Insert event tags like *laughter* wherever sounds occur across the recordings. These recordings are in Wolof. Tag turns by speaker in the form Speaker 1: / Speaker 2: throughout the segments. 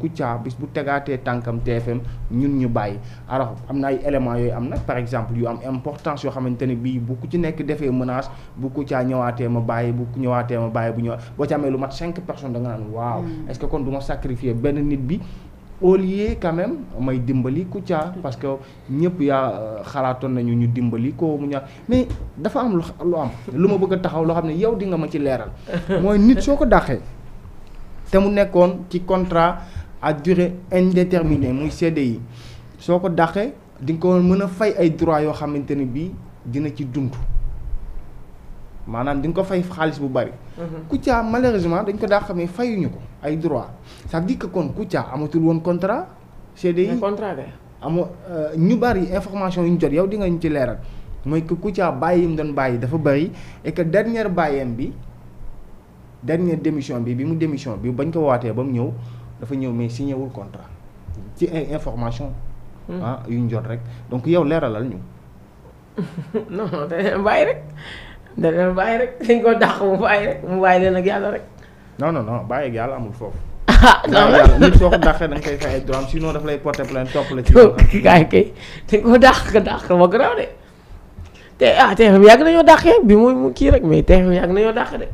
Speaker 1: Kouthia bis bu tegaatee tànkam TFM ñun ñu bàyyi alors am na ay yooyu am na par exemple yu am importance yoo xamante ne bii bu ku ci nekk defee menace bu Kouthia ñëwaatee ma bàyyi bu ñëwaatee ma bàyyi bu ñëw boo ci amee lu mat cinq personnes da nga naan waaw hmm. est-ce que kon du ma sacrifier benn nit bi au lieu quand même may dimbali Kouthia parce que ñëpp yaa euh, xalaatoon nañu ñu dimbali ko mu ñaar mais dafa am lu am lu ma bëgg a taxaw loo xam ne yow di nga ma ci leeral *laughs* mooy nit soo ko dàqee te mu nekkoon ci contrat à durée indéterminée muy CDI soo ko dàqee di nga ko mën a fay ay droits yoo xamante ne bii dina ci dund maanaam di nga ko fay xaalis bu bari. Mhm. Kouthia malheureusement dañ ko dàq mais fayuñu ko ay droits c'est-à-dire que kon Kouthia amatul woon contrat. CDI contrat amoo euh, ñu bari information yu ñu jot yow di nga ñu ci leeral mooy que Kouthia bàyyi mu doon bàyyi dafa bari et que dernière bàyyeem bi dernière démission bi bi mu démission bi bañ ko waatee ba ñëw. dafa ñëw mais signé wul contrat ci ay information hmm. ah yu ñu jot rek donc yow leeralal ñu.
Speaker 2: *laughs* non non da leen bàyyi rek
Speaker 1: da leen rek
Speaker 2: dañ ko dàq mu
Speaker 1: bàyyi rek mu bàyyi leen ak yàlla rek. non non non bàyyi ak yàlla amul foofu. *laughs* ah non yàlla nit soo ko dàqee da koy fay ay droit sinon daf lay porter plainte topp la ci. kii *laughs* kaay kay dañ ko dàq dàq ba garaaw de
Speaker 2: te ah TFM yàgg nañoo dàqee bi muy kii rek mais TFM yàgg nañoo dàq
Speaker 1: de.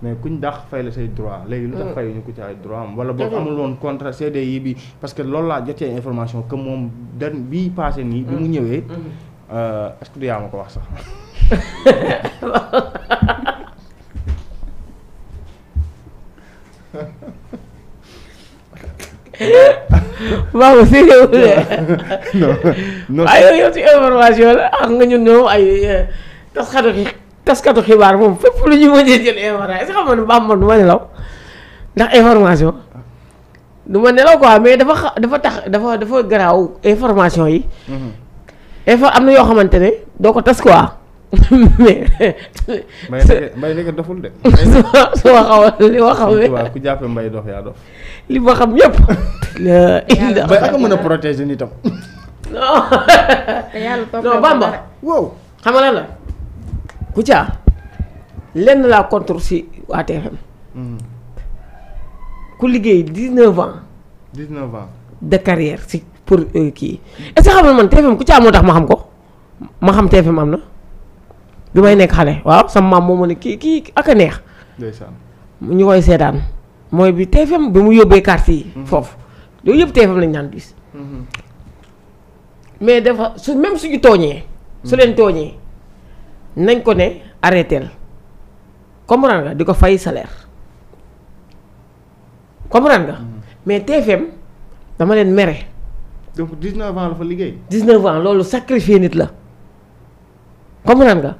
Speaker 1: mais kuñ dax fay la say droit léegi lu tax mm. fayuñu ko ci droit am wala boobu amul woon contrat CDI bi parce que loolu laa jotee information que moom dan bii nii bi mu mm. mm-hmm. euh, ko wax sax
Speaker 3: ay yow ci
Speaker 2: information la xam nga ñun ñoom ay euh, tas xarit taskatu xibaar moom fépp lu ñu mënee jël information si xam man du ma nelaw ndax information du ma nelaw quoi mais dafa dafa tax dafa dafa garaaw information yi. Mhm. info am na yoo xamante ne doo ko tas quoi. *laughs*
Speaker 1: mais mbay *laughs* mbay léegi li ma xam. waaw li ma xam yëpp. yàlla
Speaker 2: wow xam la. ku Kouthia lenn laa contre si waa TFM hmm. ku liggéey dix-neuf ans dix-neuf de carrière si pour euh, kii est-ce que xam nga man TFM Kouthia moo tax ma xam ko ma xam TFM am na bi may nekk xale waaw sama maam moo ma ne kii kii ak a neex ñu koy seetaan mooy bi TFM bi mu yóbbee quartier yi hmm. foofu yooyu yëpp TFM lañu naan gis hmm. mais dafa su même suñu tooñee su leen tooñee nañ ko ne arrêté comprendre nga di ko fay salaire comprendre nga. Mm. mais TFM dama leen mere. donc 19 ans la fa liggéey. 19 ans loolu sacrifié nit la comprendre nga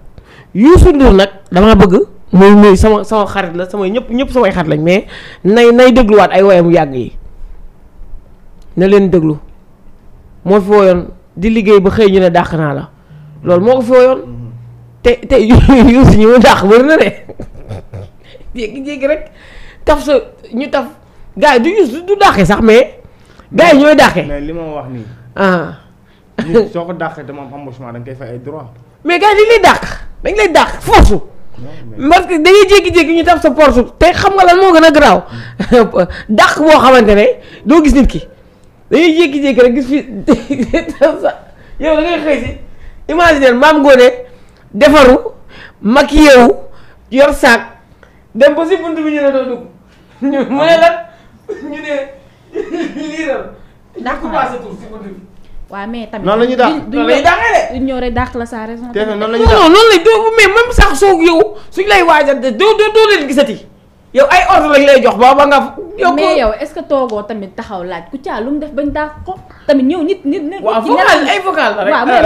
Speaker 2: Youssou Ndour nag damaa bëgg. muy muy sama sama xarit la sama ñëpp ñëpp samay xarit lañ mais nay nay dégluwaat ay woyam yàgg yi na leen déglu moo fi woyoon di liggéey ba xëy ñu ne dàq naa la loolu moo ko fi woyoon. Mm-hmm. te te *laughs* Youssou ñu dàq wër na jékki-jékki rek taf sa ñu taf gars yi du Youssou du dàqe sax
Speaker 1: mais gars yi ñooy dàqe. mais li ma wax nii. ah. nit *laughs* soo ko am embauchement da nga koy mais gars yi dañ dàq dañ lay dàq force. parce que dañuy
Speaker 2: jékki-jékki ñu taf sa porte te xam nga lan moo gën a garaaw hmm. *laughs* dàq boo xamante ne doo gis nit ki dañuy jékki-jékki rek gis fi yow da ngay xëy si imaginer maam Ngoné. defaru mag yeewu yor saak dem ba si bunt bi ñu ne doo dugg *laughs* mu ne la *laughs* ñu ne
Speaker 3: lii la daa commencé tur si bunt bi waaw mais tamit noonu la ñuy dàq duñ ñëw rek dàq la sa raison. noonu la ñuy dàq non
Speaker 2: non mais même sax soo yow suñ lay waajal de doo doo doo leen gisati. yow ay ordre lañ lay jox ba ba nga. yow mais yow
Speaker 3: est-ce que toogoo tamit taxaw laaj ku caa lu mu def bañ daa ko tamit ñëw nit nit. nit waaw vocal ay vocal la rek. waaw mais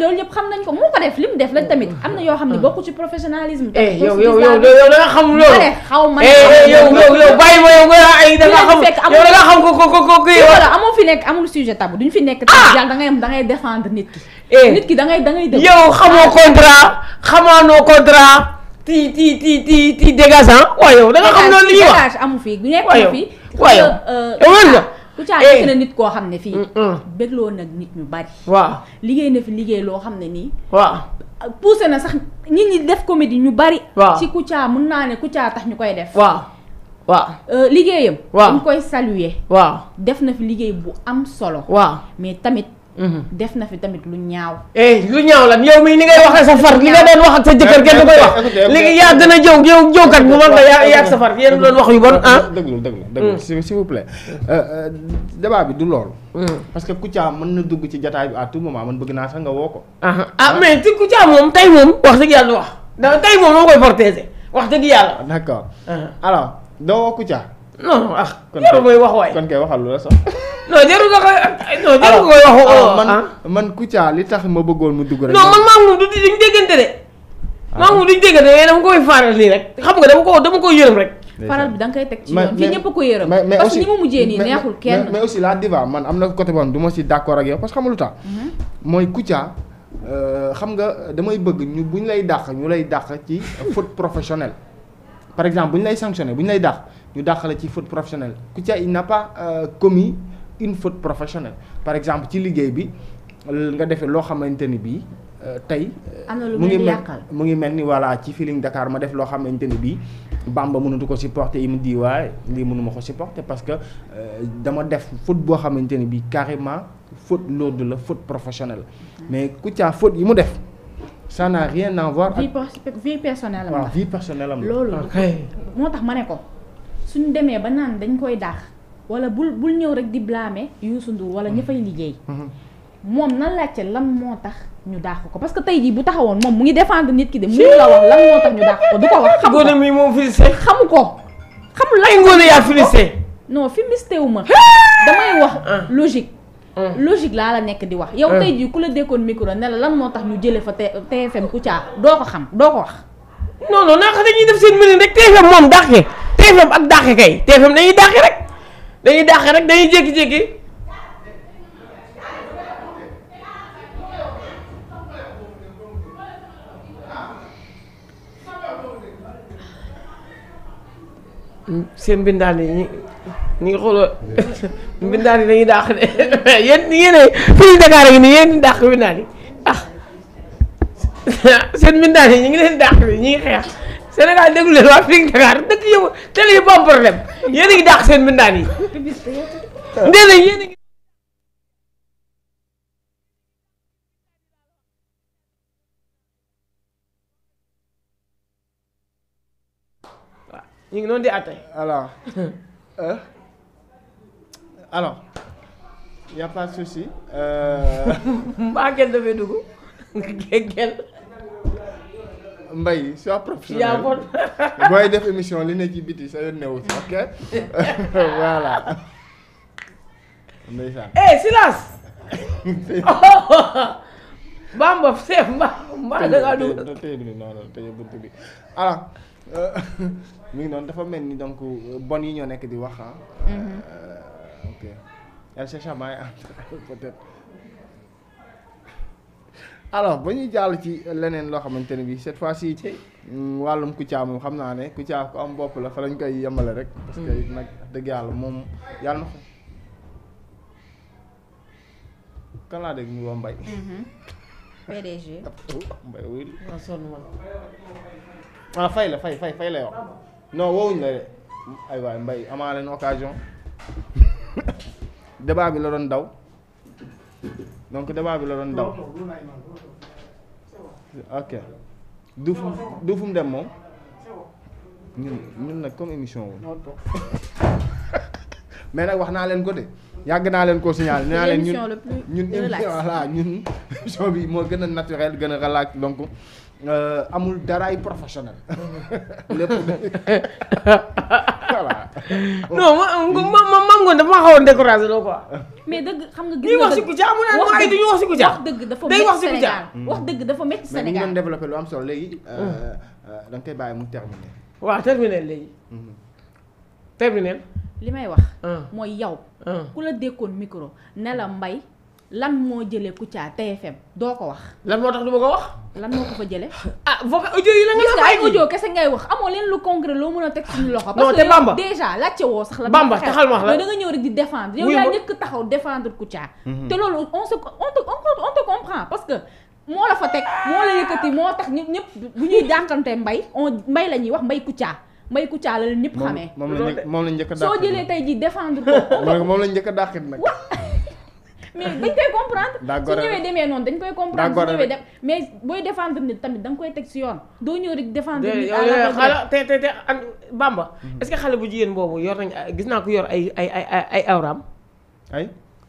Speaker 3: loolu yëpp xam nañ ko moo ko def li mu def la tamit am na yoo xam ne bokku ci professionnalisme. Eh, tamit yow yow yow yow da nga xam loolu. Eh, xaw ma yow yow yow bàyyi ma yow nga ay da nga xam yow da nga xam ko ko ko ko yow. amoo fi nekk amul sujet tabou duñu fi nekk. ah yàlla da ngay am da ngay défendre nit ki. Eh! nit ki da ngay da ngay def. yow xamoo contrat
Speaker 2: xamaanoo contrat ti ti ti ti ti dégage ah waaye yow da nga xam loolu li ñuy wax
Speaker 3: amu fi bu nekk fi waaye yow euh, Kouthia nekk na eh. nit koo xam ne fii mm, mm. bégloo nag nit ñu bari waaw liggéey na fi liggéey loo xam ne nii waaw poussé na sax nit ñi def comédie ñu bari waaw ci Kouthia mun naa ne Kouthia tax ñu koy def waaw waaw euh, liggéeyam waaw dañ koy saluer waaw def na fi liggéey bu am solo waaw mais tamit Mm-hmm. def na fi tamit lu ñaaw.
Speaker 2: Eh, lu ñaaw lan yow mii ni ngay waxee sa far li nga doon wax ak sa jëkkër kenn du koy wax. léegi yaa gën a jëw jëwkat bu mag la yaa sa far yéen doon wax yu bon ah.
Speaker 1: déglu mm. euh, euh, du loolu. Mm. parce que Kouthia mën na dugg ci jataay bi tout moment man bëgg naa sax nga woo ko. Ah, ah, mais ci Kouthia moom tey moom wax dëgg yàlla wax da tey moom wax dëgg yàlla. Ah, d'accord alors doo woo Kouthia. non ah. kon kay wax waay kon kay waxal lu la sax. *laughs*
Speaker 2: non jarul nga koy non jarul nga koy wax. Oh. man ah.
Speaker 1: man Kouthia li tax ma bëggoon mu dugg rek.
Speaker 2: non man maa moom du duñ déggante de. Ah. maa moom duñ déggante mais dama koy faral nii
Speaker 1: rek xam nga dama ko dama ko yërëm rek. faral
Speaker 3: bi da nga koy teg ci yoon fii ñëpp ko yërëm. mais parce que ñi mu mujjee nii neexul kenn. mais
Speaker 1: aussi la diva man am na côté boobu du ma si d' accord ak yow parce que xam lu tax. Mhm. mooy Kouthia euh, xam nga damay bëgg ñu bu ñu lay dàq ñu lay dàq ci faute professionnelle. par exemple bu ñu lay sanctionné bu ñu lay dàq ñu dàq la ci faute professionnelle Kouthia il n'a pas euh, commis une faute professionnelle par exemple ci liggéey bi nga defee loo xamante ni bii euh, tey.
Speaker 3: Euh, mu ngi mel
Speaker 1: mu ngi mel ni voilà ci Feeling Dakar ma def loo xamante ni bii Bamba mënatu ko supporter yi mu di waaye lii ma ko supporter parce que euh, dama def faute boo xamante ni bii carrément faute lourde la faute professionnelle mais ku caa faute yi mu def. ça n'a rien à voir
Speaker 3: ak vie am la waaw vie
Speaker 1: am la moo
Speaker 3: tax ma ne ko suñu demee ba naan dañ koy daax wala bul bul ñëw rek di blâmer Youssou Ndour wala ña mm-hmm. fay liggéey. Mm-hmm. moom na laajte lan moo tax ñu dàq ko parce que tey jii bu taxawoon moom mu ngi défendre nit ki de mu la wax lan moo tax ñu dàq ko du ko wax. xamu ko góone mi moom filiste. xamu ko xamul lan ay ngóone yaa filiste. non wax ah. logique. Mm. logique laa la nekk di wax. yow mm. tey jii ku la dékkoon micro ne la lan moo tax ñu jëlee fa te TFM Kouthia doo ko xam doo ko wax. non non naka dañuy
Speaker 2: def seen mbir rek TFM moom dàqe TFM ak dàqe kay TFM dañuy dàqe rek. dañuy dàq rek dañuy jékki-jékki seen mbindaan yi ngi xooloo *laughs* mbindaan yi dañuy dàq de *laughs* yéen yéene fii Dakar yi nii yéen ñi dàq mbindaan yi ah *laughs* seen mbindaan yi ngi leen dàq bi ñi ngi xeex Sénégal déglu leen waa Feeling Dakar dëkk yow télé yëpp am problème yéen a ngi dàq na yéen a ngi.
Speaker 1: waaw ñu ngi noonu di àtte. alors *laughs* euh, alors y a pas de souci. Euh. *laughs* *laughs* Mbaye sois professionnel
Speaker 2: *laughs* booy def
Speaker 1: émission li ne ci biti sa yoon newu ok *laughs* voilà. ndeysaan
Speaker 2: eh silence. *laughs* Bamba Seif mba mba da ngaa dugg.
Speaker 1: tey bi non non tey bunt bi alors euh, mi ngi noonu dafa mel ni donc euh, bon yi ñoo nekk di wax ah. Mhm. Euh, ok elle cherche à peut-être. alors ba ñuy jàll ci leneen loo xamante ne bii cette fois si ci wàllum Kouthia moom xam naa ne Kouthia ku am bopp la fa lañ koy yemale rek. parce que nag dëgg yàlla moom yàlla na. kan laa dégg ñu woo Mbaye. Mhm. Oh, ah, fay la fay fay fay la yow. non woowuñ la de. ay waay Mbaye amaa leen occasion. *coughs* débat bi la doon daw. donc débat bi la doon daw ok du fu dem moom ñun ñun nag comme émission wu mais nag wax naa leen ko de yàgg naa leen ko signalé nee naa leen ñun ñun voilà ñun émission bi moo gën a naturel gën a relax donc amul daraay professionnel lépp voilà non ma ma ma dafa ma xawoon découragé loo quoi
Speaker 3: mais dëgg xam nga. gis nga dëgg ñuy wax si Kouthia mu naan waaye du ñu wax si Kouthia. wax dëgg dafa métti Sénégal mm. wax dëgg dafa métti Sénégal. mais ñu doon
Speaker 1: développé lu am solo léegi. Euh, mm. euh, da nga koy bàyyi mu terminé.
Speaker 3: waaw terminé léegi. Mm-hmm. terminé. li may wax. mooy yow. ku la dékkoon micro ne la mbay. lan moo jëlee Kouthia TFM doo ko wax. lan moo tax du ma ko wax. lan moo ko fa jëlee. *laughs* ah vocal audio yi la nga. gis nga ay audio kese ngay wax amoo leen lu concret loo mën a teg suñu loxo. non te Bamba parce que la. Bamba taxal ma wax la ñëw rek di défendre. yow yaa njëkk taxaw défendre Kouthia. Mhm. te loolu on se on te on parce que. moo la fa teg moo la yëkkati moo tax ñun ñëpp bu ñuy jànkante mbay mbay la ñuy wax mbay Kouthia. mbay Kouthia la leen ñëpp xamee. moom
Speaker 1: moom la njëkk a dàqit soo jëlee
Speaker 3: tey ji défendre
Speaker 1: ko. moom la njëkk a
Speaker 3: mais dañ koy comprendre su ñëwee demee noonu dañ koy comprendre su ñëwee dem mais booy défendre nit tamit danga koy teg si yoon doo ñëw rek défendre nit xala
Speaker 2: te te te an Bamba mhm. xale bu jigéen boobu yor nañ gis naa ko yor ay ay ay ay awraam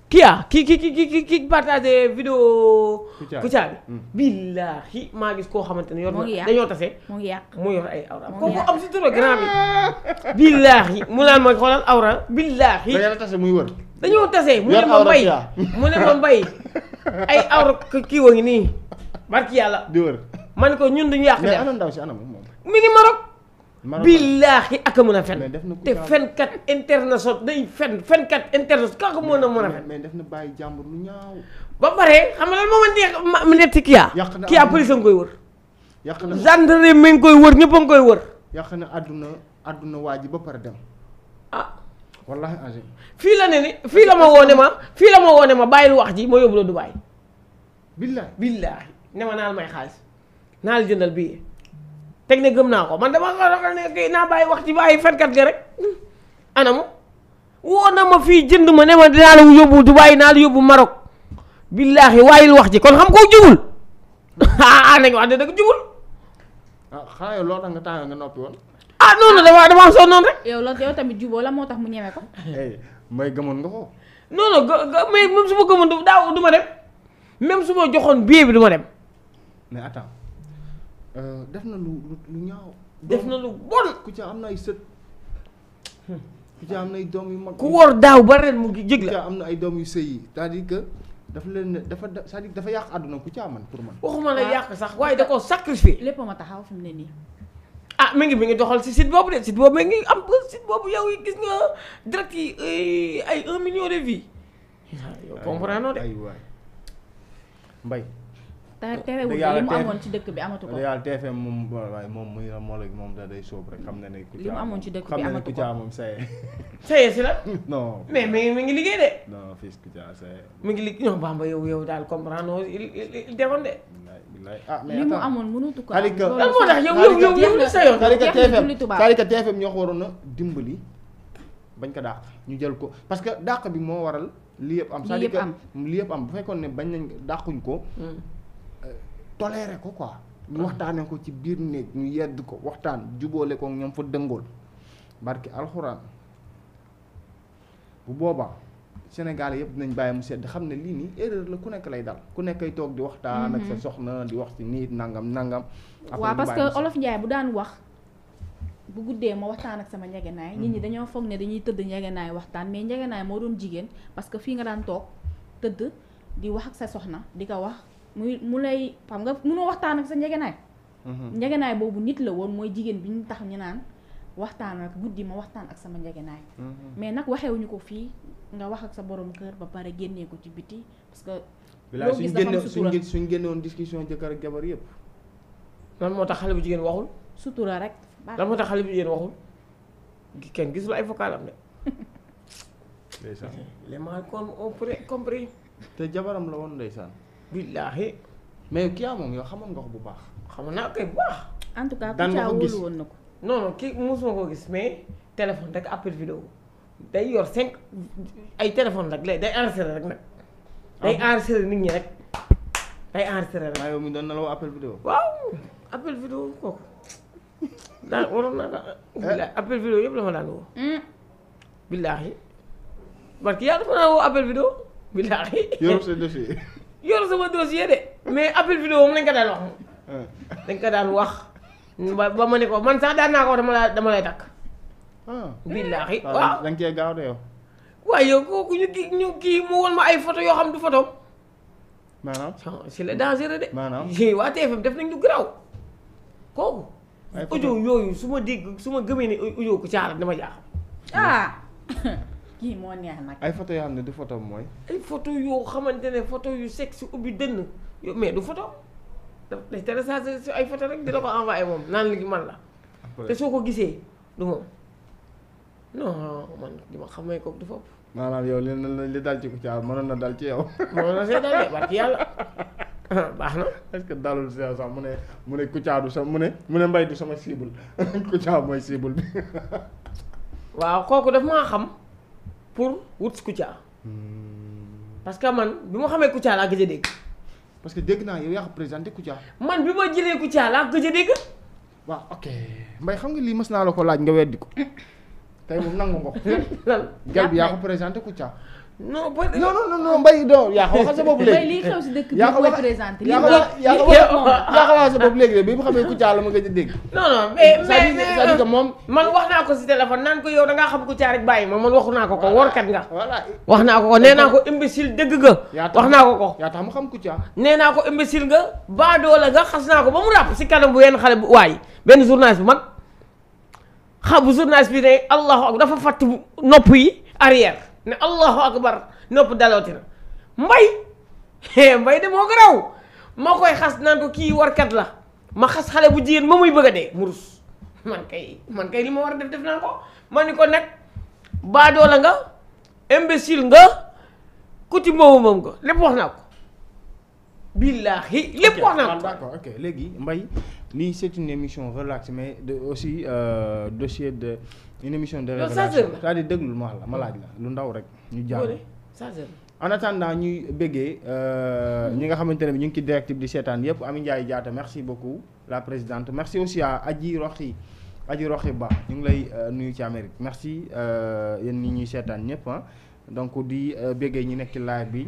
Speaker 2: kii ah ki ki ki ki ki partagé vidéo Kouthia bi mm. billaahi maa gis koo xamante ne yor na dañoo tase mu yàq mu yor ay awra kooku
Speaker 3: am si toro grand bi billaahi
Speaker 2: mu naan ma xoolal awra billaahi dañoo tase muy wër dañoo tase mu ne ma mbay mu ne ma mbay ay awra kii wa ngi nii barki yàlla bi wër ma ne ko ñun duñu yàq de anam
Speaker 1: ndaw si anam moom
Speaker 2: billaahi ak a mën a fen te fenkat international day fen fenkat international kooku mën a mën a fen mais def na bàyyi jàmbur lu ñaaw ba pare xam nga lan moo ma neex ma
Speaker 1: netti Kia Kia police a ngi koy wër yàq
Speaker 2: na gendarmerie mi ngi koy wër ñëpp a koy wër
Speaker 1: yàq na àdduna àdduna waa ji ba pare dem ah wallahi agim fii la ne
Speaker 2: ni fii la ma woone ma fii la ma woone ma bàyyil wax ji ma yóbbu la Dubaay billaahi billaahi ne ma naal may xaalis naal jëndal bii teg ne gëm naa ko man dama ko ne naa bàyyi wax ci bàyyi fenkat ga rek anamu woo na ma fii jënd ma ne ma dinaa la yóbbu Dubaay naa la yóbbu Maroc billaahi waayil wax ji kon xam koo jubul
Speaker 3: *laughs* ah, ah nañ wax de dëgg jubul.
Speaker 1: ah xanaa yow nga tàng nga noppi woon.
Speaker 3: ah non non damaa noonu rek. yow loolu tamit juboo la moo tax mu ñeme ko.
Speaker 1: Eh, may gëmoon nga ko. non non
Speaker 2: mais même su ma gëmoon daaw du ma dem même su ma joxoon billet bi du dem.
Speaker 1: Euh, def na lu lu ñaaw. def na lu bon ku ci am na ay sët. ku ci am na ay doom yu mag. ku woor daaw ba ren mu jig la ku ci am na ay doom yu sëy cest à daf leen dafa dafa cest à dafa yàq àdduna ku ci man pour man. waxuma la ah. yàq sax waaye da koo sacrifié.
Speaker 3: lépp ma taxaw fi mu ne nii.
Speaker 1: ah mi ngi mi ngi
Speaker 2: doxal si site boobu de site boobu mi ngi am site boobu yow yi gis nga direct yi ay un million de vues.
Speaker 1: yow de ay waay
Speaker 3: te terewul li mu amoon ci dëkk bi amatu ko. Real
Speaker 1: TFM moom waaye moom muy moo la moom da day sóob rek xam na ne. li mu amoon ci dëkk bi amatu ko xam na ne Kouthia moom saye. *laughs* saye si la. *laughs* non
Speaker 3: mais mais
Speaker 2: mi ngi liggéey de.
Speaker 1: non fii Kouthia saye.
Speaker 2: mi ngi liggéey non Bamba yow yow daal comprendre il defoon
Speaker 1: de. ah mais li mu amoon
Speaker 3: mënatu ko. lan moo tax yow yow yow yow li sayoon. Karika TFM Karika TFM
Speaker 1: ñoo ko waroon a dimbali bañ ko dàq ñu jël ko parce que dàq bi moo waral. li yëpp am c'est-à-dire que li yëpp am bu fekkoon ne bañ nañ dàquñ ko hmm. toléré ko quoi. ñu waxtaanee ko ci biir néeg ñu yedd ko waxtaan jubóole ko ñoom fa dëngool barki alxuraan bu boobaa Sénégal yëpp dinañ bàyyi mu sedd xam ne lii nii erreur la ku nekk lay dal ku nekk ay toog di waxtaan ak sa mhm. soxna di wax ci nit nangam nangam. waaw parce que Olof
Speaker 3: Ndiaye bu daan wax. bu guddee ma waxtaan ak sama njegenaay mhm. nit ñi dañoo foog ne dañuy tëdd njegenaay waxtaan mais njegenaay moo doon jigéen parce que fii nga daan toog tëdd di wax ak sa soxna di ko wax. muy mu lay xam nga munoo waxtaan ak sa njegenaay mhm. njegenaay boobu nit la woon mooy jigéen bi ñu tax ñu naan waxtaan ak guddi ma waxtaan ak sama njegenaay mhm. mais nag waxeewuñu ko fii nga wax ak sa borom kër ba pare génnee ko ci biti parce que bilaay suñ génne
Speaker 1: suñ génnewoon discussion jëkkër ak jabar yëpp
Speaker 2: lan moo tax xale bu jigéen waxul
Speaker 3: sutura rek lan
Speaker 2: moo tax xale bu jigéen waxul kenn gisul ay vocal am de *laughs*
Speaker 1: ndeysaan les mal compris te jabaram la woon ndeysaan billaahi mais kii yaa moom yow xamoon nga bu baax. xam naa koy bu baax.
Speaker 3: en woon
Speaker 1: na ko non
Speaker 2: non kii mosuma ko gis mais téléphone rek appel vidéo day yor cinq téléphone nag. day ah enregistré nit ñi rek day enregistré rek. waaw yow mi doon na la woo appel vidéo. waaw waroon naa yëpp la ma daan woo. Hmm. billaahi barki yàlla dafa naa yor sama dossier de mais appel vidéo moom lañ ko daan wax moom. dañ ko daan wax ba ba ma ne ko man sax daan naa ko dama dama lay takk.
Speaker 1: Ah. billaahi ah, waaw da nga cee gaaw de yow.
Speaker 2: kooku ñu kii ñu kii mu won ma ay photo yoo xam du photo
Speaker 1: maanaam c'est le dangereux
Speaker 2: de. maanaam *laughs* waa TFM def nañ lu garaaw kooku. ay audio yooyu su ma dégg su ma gëmee ne audio ku caaral dama jaaxal. ah.
Speaker 3: *laughs* kii moo neex nag. ay
Speaker 1: photo yoo xam ne photo mooy.
Speaker 2: ay yoo xamante ne photo yu sexe ubbi dënn yow mais du photo daf téléchargé si ay photo rek dina ko envoyé moom naan ligi man la te soo ko gisee du moom non man li ma xamee ko du fopp
Speaker 1: maanaam yow li li dal ci ku caar na dal ci yow *laughs* mënoon na see dal de barki yàlla *laughs* baax na est que dalul si sax mu ne mu ne Kouthia du sa mu ne mu ne Mbaye du sama cible *laughs* Kouthia mooy cible bi waaw kooku daf maa xam pour wut
Speaker 2: Kouthia. Hmm. parce que man bi ma xamee Kouthia laa gëj a dégg. parce que dégg naa yow yaa
Speaker 1: ko présenté Kouthia.
Speaker 2: man bi ma jëlee Kouthia laa gëj a dégg.
Speaker 1: waaw ok Mbaye xam nga lii mës naa la ko laaj nga weddi ko *laughs* tey moom nangu nga ko. lan gal bi yaa ko présenté Kouthia. non booy non non non Mbaye doo yaa ko waxal sa bopp léegi. lii xew de bi nga xamee Kouthia la ma nga ci dégg.
Speaker 2: non non euh, man wax naa ko si téléphone naan ko yow da ngaa xam Kouthia rek bàyyi ma man waxu naa ko ko warkat nga. wax naa ko ko nee naa ko imbécile dëgg nga. wax naa ko ko yaa tax mu xam Kouthia. nee naa ko imbécile nga baadoola nga xas naa ko ba mu ràpp si kanam bu yenn xale bu waay benn journaliste bu mag xam bu bi ne allahu ak dafa fàtt nopp yi arrière ne allahu akbar nopp dalooti na mbay mbay de moo garaw ma koy xas naan ko kii warkat la ma xas xale bu jigéen ma muy bëgg a dee mu man kay man kay li ma war def def naa ko ma ni ko nag baadoola nga imbécile nga kuti moomu moom nga lépp wax naa ko billaahi lépp wax naa ko
Speaker 1: d'accord ok léegi Mbaye lii c'est une émission relax mais de aussi euh, dossier de une émission de révélation a à dire déglul ma la ma laaj la lu ndaw rek ñu jàll en attendant ñuy bëggee euh, ñi nga xamante ne bi ñu ngi ci direct di seetaan yëpp Ami Ndiaye Diatta merci beaucoup la présidente merci aussi à aji Roxi Adji Roxi Ba ñu ngi lay euh, nuyu ci Amérique merci euh, yéen ñi ñuy seetaan ñëpp ah donc di bëggee ñu nekk ci live bi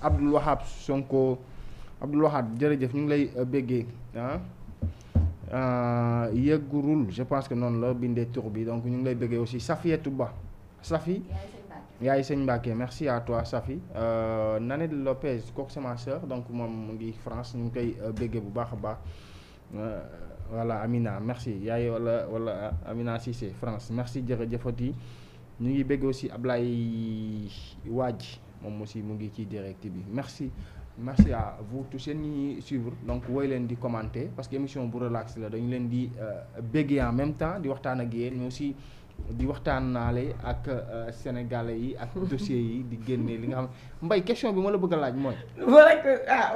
Speaker 1: Abdoul Wahab Sonko Abdoul Wahab jërëjëf ñu ngi lay bëggee ah Euh, yëggurul je pense que noonu la bindee tur bi donc ñu ngi lay bëggee aussi Safiatou Ba Safi yaay sëñ Mbacke merci à toi Safi euh, Nanette Lopez kooku c'est ma donc moom mu ngi France ñu ngi koy euh, bëggee bu baax a baax euh, voilà Amina merci yaay wala wala Amina Cissé France merci jërëjëfati ñu ngi bëgg aussi Ablaye Waaj moom aussi mu ngi ci direct bi merci merci à vous tous suivre donc wooy leen di commenter parce que émission bu relax la dañu leen di euh, béggee en même temps di waxtaan ak yéen mais aussi di waxtaan naale ak euh, sénégalais yi ak *laughs* dossiers yi di génne li nga xam mbay question bi ma la bëgg a laaj mooy. Ah,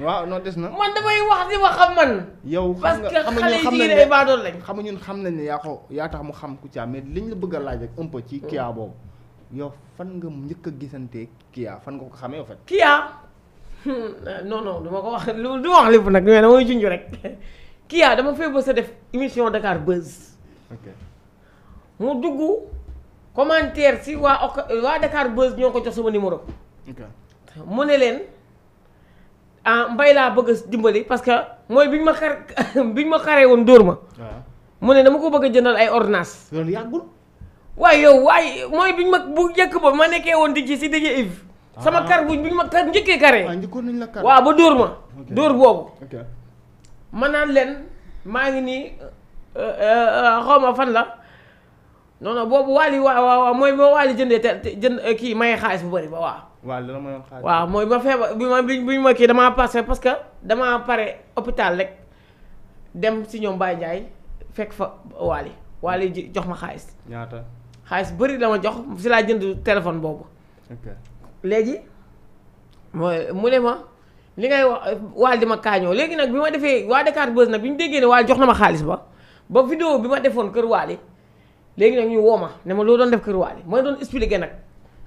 Speaker 1: waaw non des na. man damay wax di ma xam man. yow xam nga parce que xale yi jigéen ay baadool lañ. xam nga ñun xam nañ ne yaa ko yaa tax mu xam ku caa mais liñ la bëgg a laaj rek un ci kii boobu. yow fan nga njëkk a gisante Kia fan nga ko xamee en fait. Kia hmm, euh, non
Speaker 2: non du ko wax lu
Speaker 1: du ma wax lépp nag mais damay junj rek *laughs*
Speaker 2: Kia dama fee def émission Dakar Buzz. ok dugg commentaire si waa waa Dakar Buzz ñoo ko jox sama numéro. ok mu ne leen ah mbay laa bëgg dimbali parce que mooy biñ ma *laughs* bi ñu ma xaree woon dóor ma. mu ne dama ko bëgg a jëndal ay ordonnances. loolu waaye yow waaye mooy bi ñu ma bu njëkk ba ma nekkee woon di ji si dëjee Yves ah. sama kar bu bi ñu ma kar njëkkee karee
Speaker 1: ah, waaw ba
Speaker 2: dóor ma dóor boobu ma naan leen maa ngi nii euh, euh, euh, xaw ma fan la non non boobu waali waa waa waa mooy moo waali jëndee te jënd kii maye xaalis bu bari ba waaw.
Speaker 1: waaw dina
Speaker 2: mooy ma feebar bi ma bi ma kii damaa passé parce que damaa pare hôpital rek dem si ñoom Baye Ndiaye fekk fa waali waali jox ma xaalis. ñaata. xaalis bari dama jox si laa jënd téléphone boobu. léegi mooy mu ne ma li ngay wax waal di ma kaañoo léegi nag bi ma defee waa Dakar Buzz nag bi ñu déggee ne waal jox na ma xaalis ba ba vidéo bi ma defoon kër waali léegi nag ñu woo ma ne ma loo doon def kër waali ma doon expliqué nag.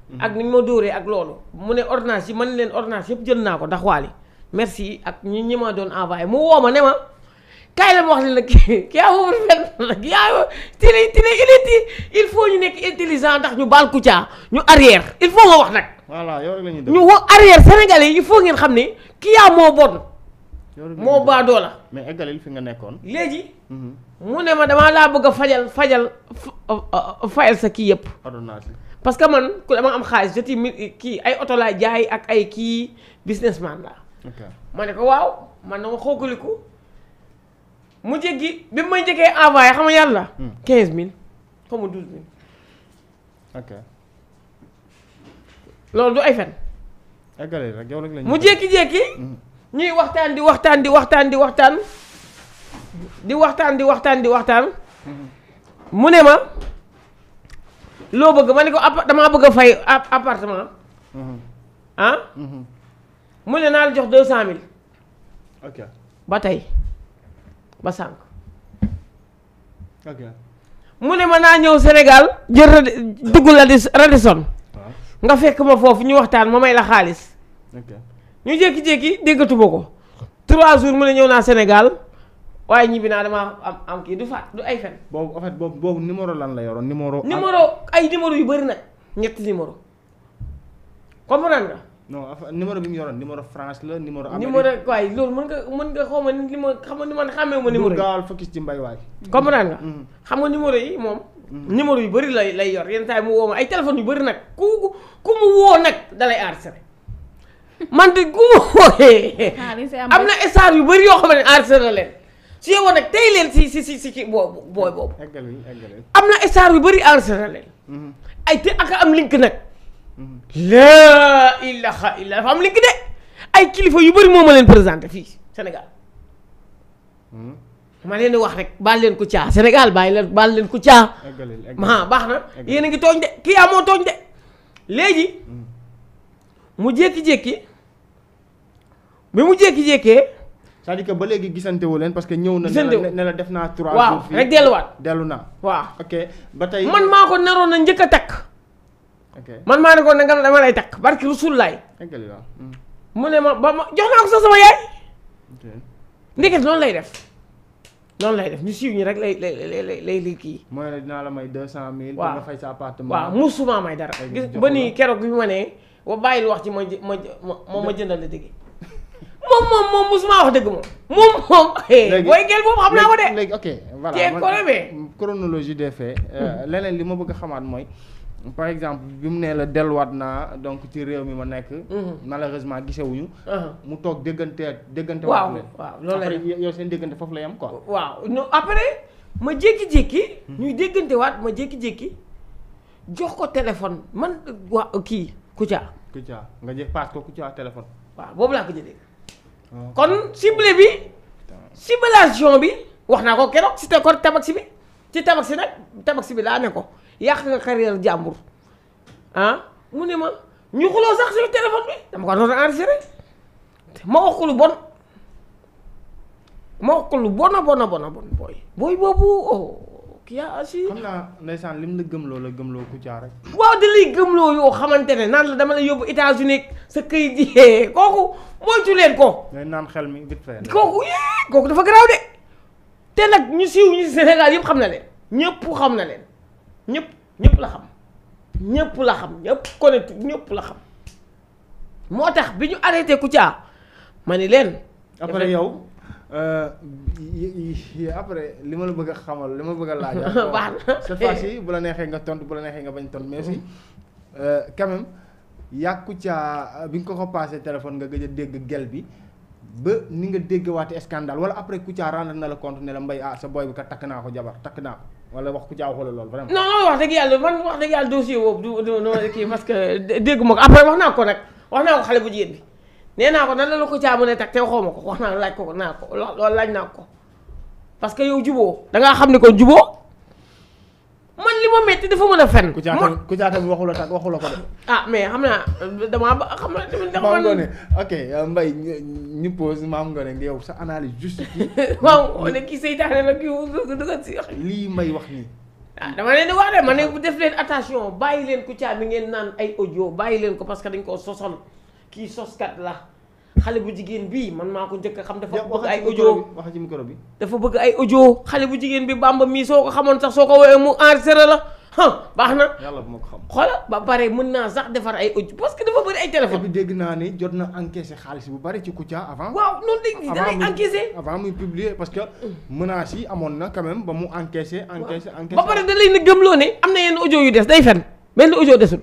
Speaker 2: Mhm. ak ni ñu ma dooree ak loolu. mu ne ordonnance yi man leen ordonnance yëpp jël naa ko ndax waali merci ak ñi ñi ma doon envoyé mu woo ma ne ma. kaay la ma wax ne la kii kii amul fenn la kii amul tile tile il faut ñu nekk intelligent ndax ñu baal Kouthia ñu arrière il faut nga wax
Speaker 1: nag. voilà yow rek la ñuy def ñu
Speaker 2: wax arrière sénégalais yi il faut ngeen xam ne kii yaa moo bon.
Speaker 1: moo baadoo la mais eggalil fi nga nekkoon. léegi. Mhm. mu ne ma
Speaker 2: damaa laa bëgg a fajal fajal uh, uh, fayal sa kii yëpp. parce que man ku dama am xaalis joti mi kii ay oto laa jaay ak ay kii businessman laa. ma ne ko waaw man na ma xoogaliku. mu jéggi bi may njëkkee envoyé xam nga yàlla. 15000 hmm. xaw ma 12000. ok. loolu du ay fen.
Speaker 1: eggalee rek yow rek la mu
Speaker 2: jékki-jékki. Hmm. ñuy waxtaan di waxtaan di waxtaan di waxtaan di waxtaan di waxtaan di waxtaan hmm. mu ne ma loo bëgg ma ne ko damaa bëgg a fay apartement ah mu ne naa la jox deux cent mille ba tey ba sànq. ok mu ne ma naa ñëw Sénégal jël dugg la nga fekk ma foofu ñu waxtaan ma may la xaalis. ñu jékki-jékki déggatuma ko. trois jours mu ne ñëw naa Sénégal waaye ñibbi naa damaa am am kii du faat du ay fen.
Speaker 1: boobu en boobu boobu numéro lan la yoroon numéro. numéro ay numéro yu bëri nag ñetti numéro comprendre nga. non numéro bi mu yoroon numéro France la numéro. Amérique numéro
Speaker 2: waaye loolu mën nga mën nga xaw ma ni li ma xam nga man yi. Mm-hmm. xam nga numéro yi moom. Mm-hmm. numéro yu bëri lay lay yor yenn saa yi mu woo ma ay téléphone yu bëri nag ku ku mu woo nag dalay enregistré man de ku ma wooyee.
Speaker 3: Ah, am na
Speaker 2: star yu bëri yoo xam ne enregistré la su yowoon nag tey leen si si si si kii boobu am na star yu bëri enregistré mm-hmm. ay te ak am link nag. laa ilaha illa dafa am link de ay kilifa yu bari moo ma leen présenté fii Sénégal hmm? ma leen wax rek baal leen ku caa senegal bàyyi leen baal leen ku caa ma baax na yéen a ngi tooñ de kii yaa moo tooñ de
Speaker 1: léegi hmm. mu jékki-jékki bi mu jékki-jékkee à ba léegi gisantewu leen parce que ñëw na. ne la def naa trois jours fii dellu naa waaw ok ba tey man maa ko
Speaker 2: naroon na njëkk a takk man maa ne ko nag dama lay takk barki Rasulullaay.
Speaker 1: Hmm.
Speaker 2: mu ne ma ba ma jox naa ko sax sama yaay. ndeket noonu lay def. noonu lay def ñu siiw ñi rek lay lay lay mooy ne la may deux cent mille. pour nga waaw musuma may dara. gis ba nii keroog bi ma ne. bàyyil wax ci ma jë ma ma ma jëndal la dëgg. moom moom moom wax dëgg
Speaker 1: moom. moom moom. *laughs* Eh, léegi booy boobu xam naa ko de. léegi ok voilà chronologie des faits euh, leneen li ma bëgg a xamaat mooy. par exemple bi mu nee la delluwaat na donc ci réew mi ma nekk. Mhm. malheureusement gisewuñu. Mhm. mu toog déggante déggante. waaw waaw loolu la seen déggante foofu la yam quoi.
Speaker 2: waaw non après ma jékki-jékki. Mhm. ñuy déggante waat ma jékki-jékki jox ko téléphone man waa kii ku Kouthia. Kouthia nga jël paas ko Kouthia téléphone. waaw boobu laa ko jëlee. kon cible bi. ciblation bi. wax naa ko keroog si te kon tabax bi ci tabax si nag tabax bi laa ne ko. yàq nga carrière jàmbur ah mu ne ma ñu xuloo sax suñu téléphone bi dama ko doon enregistré ma wax ko lu bon
Speaker 1: ma wax bon a bon a bon a bon booy booy boobu oh kii yaa assi. xam naa ndeysaan la gëmloo la gëmloo Kouthia rek. waaw da lay gëmloo
Speaker 2: yoo xamante ne naan la dama lay yóbbu États-Unis sa këyit yi *laughs* kooku moytu leen ko.
Speaker 1: ngay xel mi vite fait.
Speaker 2: kooku dafa garaaw de te nag ñu siiw ñu si Sénégal yëpp xam na leen ñëpp xam na leen. ñëpp ñëpp la xam ñëpp la xam ñëpp connaître ñëpp la xam moo tax bi ñu arrêté Kouthia ma ni leen.
Speaker 1: après yow euh, après li ma la bëgg a xamal li ma bëgg a laajal. *laughs* baax na cette bu la neexee nga tontu bu la neexee nga bañ tontu mais aussi euh, quand même yàgg Kouthia bi nga ko ko passé téléphone nga gëj a dégg gel bi. ba ni nga dégg waate scandale wala après Kouthia rendre na la compte ne la mbay ah sa boy bi kat takk naa ko jabar takk naa ko wala wax ku jaaw xoolal loolu vraiment.
Speaker 2: non non wax dëgg yàlla man wax dëgg yàlla dossier boobu du du kii parce que déggu ma ko après wax naa ko nag wax naa ko xale bu jigéen bi nee naa ko na la la ko caa mën a teg te waxoo ma ko wax naa laaj ko ko naa ko loolu laaj naa ko parce que yow juboo da ngaa xam ne ko juboo li ma métti dafa mën a fen. ku caata ku caata bi waxula tak waxula ko de. ah mais xam naa damaa ba xam naa. maam Ngoné
Speaker 1: ok euh, Mbaye ñu pose maam Ngoné ngi yow *laughs* waaw on est kii seytaane la kii dëgg si wax. lii may wax nii. ah dama leen di ma ne
Speaker 2: def leen attention bàyyi leen ku caa bi ngeen naan ay ojo bàyyi leen ko parce que dañ koo sosal kii soskat la. xale bu jigéen bi man maa ko njëkk a xam dafa bëgg ay audio wax ci bi dafa bëgg ay audio xale bu jigéen bi bàmba mii soo ko xamoon sax soo ko woowee mu enregistré la ah baax na. yàlla bu ma ko ba pare mën naa
Speaker 1: sax defar ay audio parce que dafa bëri ay bi dégg naa ni jot na encaissé xaalis bu bëri ci Kouthia avant. waaw noonu dañuy dañuy encaissé. muy publier parce que naa yi amoon na quand même ba mu encaissé. encaissé encaissé ba pare
Speaker 2: da lay na gëmloo ne am na yenn audio yu des day fen benn audio desul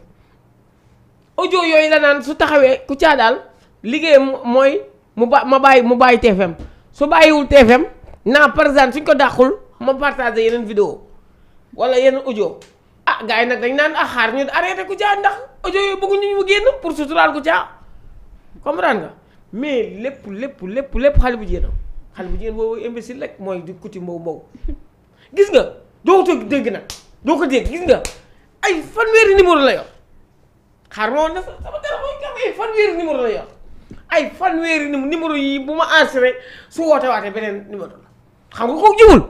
Speaker 2: audio yooyu la naan su taxawee Kouthia daal. liggéeyam mooy mu ba ma bàyyi mu bàyyi TFM su bàyyiwul TFM naa par exemple suñ ko dàqul ma partagé yeneen vidéo wala yeneen audio ah gars yi nag dañ naan ah xaar ñu arrêté ku caa ndax audio yooyu bëgguñu mu génn pour suturaal ku caa comprendre nga mais lépp lépp lépp lépp xale bu jigéen xale bu jigéen boobu imbécile rek mooy di kuti mbow mbow gis nga doo ko dégg nag doo ko dégg gis nga ay fanweeri numéro la yor xaar moo ne sama téléphone ay fanweeri numéro la yor ay fanweeri numéro yi bu ma enregistré su woote waatee beneen numéro la xam nga kooku jubul.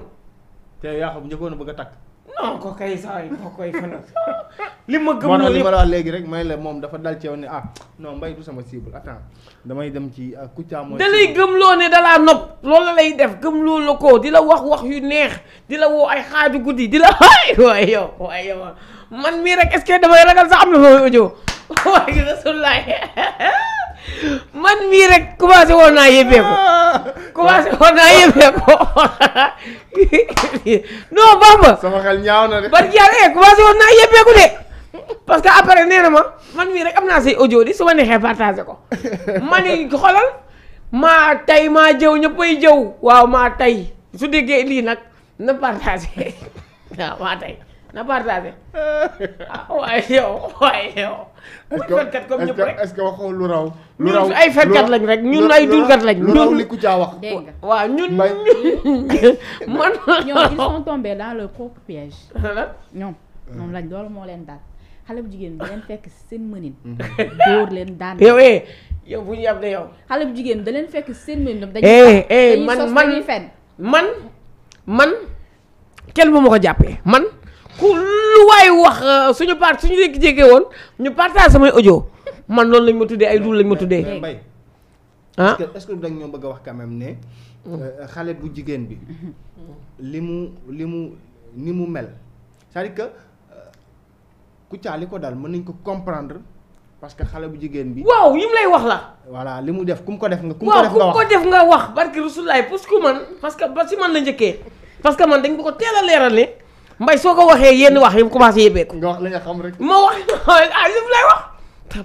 Speaker 1: te yaa xam njëkkoon bëgg a takk.
Speaker 2: non ko kay saa yi ko koy fan. li ma gëm loolu li ma la
Speaker 1: léegi rek may la moom dafa dal ne ah mbay du sama cible attends damay dem ci ah, Kouthia mooy. da lay
Speaker 2: ne da laa
Speaker 1: lay def gëmloo la ko di la wax wax yu neex di la woo ay
Speaker 2: xaaju guddi di man mii rek est-ce que am na *laughs* *laughs* man mii rek commencé woon naa yëbee ko ah. commencé woon naa yëbee ko *laughs* non Bamba. sama xel ñaaw na de. ba yàlla eh commencé woon naa yëbee ko de parce que après nee na ma man mii rek am naa say audio di su ma neexee partagé ko *laughs* ma ni xoolal maa tay maa jëw ñëppay jëw waaw maa tay su déggee lii nag na partagé *laughs* maa tay. na partagé ah waaye yow waaye yow.
Speaker 1: muy fenkat comme ñëpp rek est que waxoo lu raw. lu raw ñun ay fenkat lañ rek ñun ay dulkat lañ. lu raw li ku caa wax.
Speaker 3: dégg nga waaw ñun *laughs*
Speaker 1: man.
Speaker 3: ñoom ils sont tombés dans leur piège. ñoom moom lañ loolu moo leen daal xale bu jigéen bi leen fekk seen mënin. Mm-hmm. dóor leen daan yow eh yow bu ñu yab de yow. xale bu jigéen da leen fekk seen mënin. dañuy eh, ah, eh, dañuy sos dañuy fen
Speaker 2: man man man kenn bu ma ko jàppee man. ku lu waay wax euh, suñu part suñu jékki-jékkee woon ñu partage samay audio man loolu lañ ma tuddee ay duul lañ ma tuddee. ah est
Speaker 1: est-ce que dañ ñoo bëgg wax quand même ne mm. euh, xale bu jigéen bi mm-hmm. mu li mu ni mu mel c'est-à-dire que euh, Kouthia ko daal mën nañ ko comprendre parce que xale bu jigéen bi. waaw yi wax la. voilà li mu def ku mu ko def nga. ko
Speaker 2: def nga wax waaw ku mu ko def nga wax. que ba si man la njëkkee parce que man dañ ko ko teel a leeral ne. mbay soo ko waxee yenn wax yi mu commencé yëbeeku. nga wax li nga xam rek. ma wax *laughs* ah li lay wax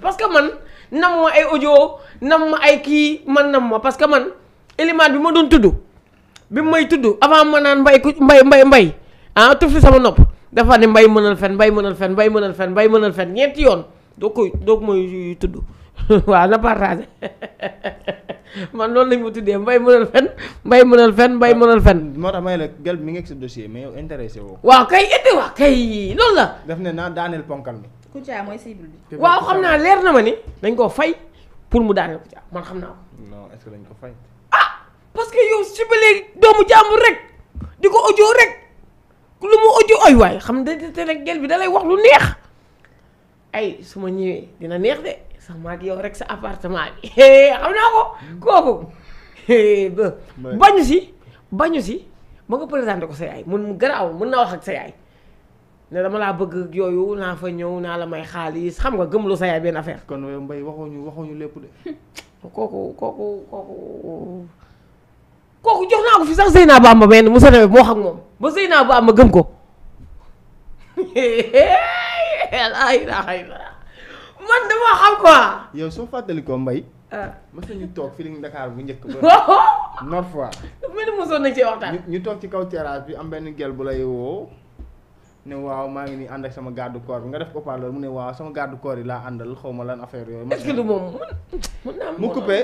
Speaker 2: parce que man nam ma ay ojo nam ma ay kii man nam ma parce que man élément bi ma doon tudd bi may tudd avant ma naan mbay mbay mbay mbay ah tuf si sama nopp dafa ne mbay mën mënal fen mbay mën mënal fen mbay mën mënal fen mbay mën mënal fen ñeenti yoon doo koy doo ko mooy tudd *laughs* waaw na partagé *laughs* man loolu lañ ma
Speaker 1: tuddee mbay mënal fen mbay mënal fen mbay ah. mënal fen moo tax may la gel mi ngi ci dossier mais yow intéressé woo waaw kay été waaw kay loolu la def ne naa daaneel ponkal mi
Speaker 3: Kouthia mooy cible bi waaw xam naa leer na
Speaker 2: ma ni dañ koo fay pour mu daaneel Kouthia man xam naa ko non est dañ ko fay ah parce que yow si ba léegi doomu jàmbur rek di ko audio rek lu mu audio ay waay xam da te nag gel bi dalay wax lu neex ay su ma ñëwee dina neex de sax maa ngi yow rek sa appartement bi *laughs* xam naa ko kooku bañu si bañu si ba nga présenté ko sa yaay mun mu garaaw mun naa wax ak sa yaay ne dama laa bëgg yooyu naa fa ñëw naa la may xaalis xam nga gëmloo
Speaker 1: sa yaay benn affaire. kon yow Mbaye waxooñu waxooñu lépp de. *laughs* kooku kooku
Speaker 2: kooku jox naa ko fi sax Seyna Bamba benn mu sotee moo xam moom ba Seyna Bamba gëm ko. *laughs* man dama xam quoi.
Speaker 1: yow soo fàttali ko Mbaye. ah toog fii nii bu njëkk ba. *laughs* Nord Foire. mel ni mosoon nañ ci waxtaan. ñu toog ci kaw terrasse bi am benn gel bu lay woo. ne waaw maa ngi nii ànd ak sama garde corps bi nga def ko parleur mu ne waaw sama garde corps yi laa àndal xaw ma lan affaire yooyu. ma ce que mu coupé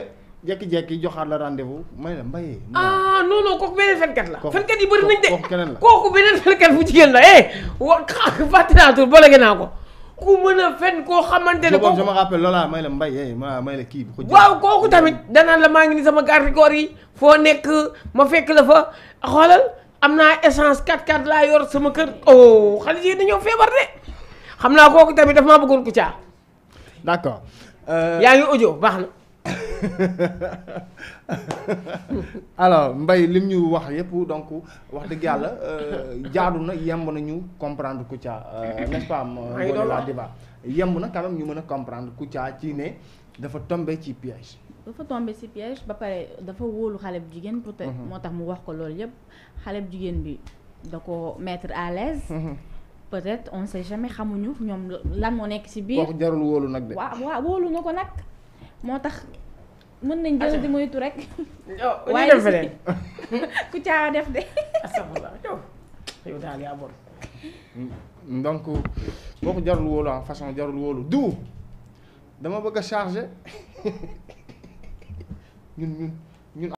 Speaker 1: jékki-jékki joxaat la rendez-vous may la mbayee.
Speaker 2: ah non non kooku beneen fenkat la. fenkat yi
Speaker 1: bëri nañ de kooku
Speaker 2: beneen fenkat bu jigéen la eh wa *laughs* naa ko. ku mën a fen koo xamante ne. kooku je me
Speaker 1: rappelle loola may la mbay eh, ma may la kii. waaw
Speaker 2: kooku tamit danaan la maa ngi ni sama garde corps yi foo nekk ma fekk la fa xoolal am naa essence 4x4 laa yor sama kër oh xale yi dañoo feebar de xam naa kooku tamit daf maa bëggoon ku caa.
Speaker 1: d'accord. Euh, yaa ngi audio baax na. *laughs* alors mbay lim ñu wax yépp donc wax dëgg yàlla euh, jaadu na yemb na ñu comprendre Kouthia euh, n'est-ce pas euh, Ngoné Ladiba yemb na quand ñu mën a comprendre Kouthia ci ne dafa tombe ci piège
Speaker 3: dafa tombé ci piège ba pare dafa wóolu xale bu jigéen peut-être mhm. moo tax mu wax ko loolu yépp xale bu jigéen bi da ko metre à l'aise mhm. peut-être on sait jamais xamuñu ñoom lan moo nekk ci biir
Speaker 1: jarul wóolu nag de waaw
Speaker 3: waaw wóolu na ko nag moo tax mën nañ jël di moytu rek. *laughs* waaye def *laughs* ku caa def de. *laughs* astaghfirullah
Speaker 1: yow daal mm, jarul wóolu en façon jarul wóolu du dama bëgg a charger ñun ñun.